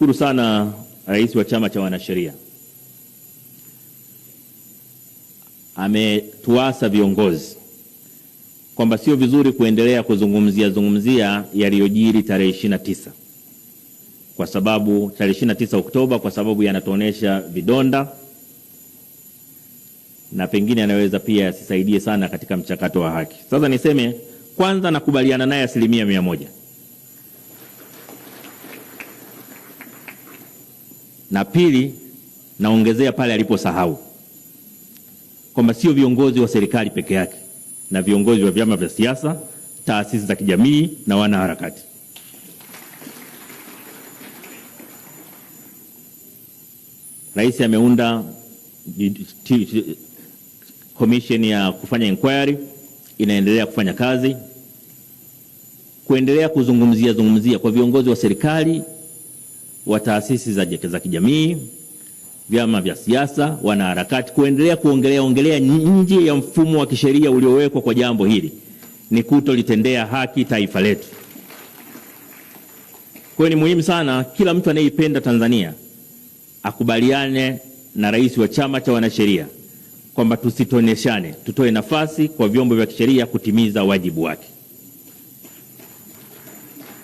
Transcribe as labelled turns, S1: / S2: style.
S1: Shukuru sana eh, rais wa chama cha wanasheria ametuasa viongozi kwamba sio vizuri kuendelea kuzungumzia zungumzia yaliyojiri tarehe ishirini na tisa kwa sababu tarehe ishirini na tisa Oktoba kwa sababu yanatuonyesha vidonda na pengine anaweza pia yasisaidie sana katika mchakato wa haki. Sasa niseme kwanza, nakubaliana naye asilimia mia moja. na pili, naongezea pale aliposahau kwamba sio viongozi wa serikali peke yake, na viongozi wa vyama vya siasa, taasisi za kijamii na wanaharakati. Rais ameunda commission ya kufanya inquiry, inaendelea kufanya kazi, kuendelea kuzungumzia zungumzia kwa viongozi wa serikali wa taasisi za, za kijamii, vyama vya siasa, wanaharakati kuendelea kuongelea ongelea nje ya mfumo wa kisheria uliowekwa kwa jambo hili ni kutolitendea haki taifa letu. Kwa hiyo ni muhimu sana kila mtu anayeipenda Tanzania akubaliane na rais wa chama cha wanasheria kwamba tusitoneshane, tutoe nafasi kwa vyombo vya kisheria kutimiza wajibu wake.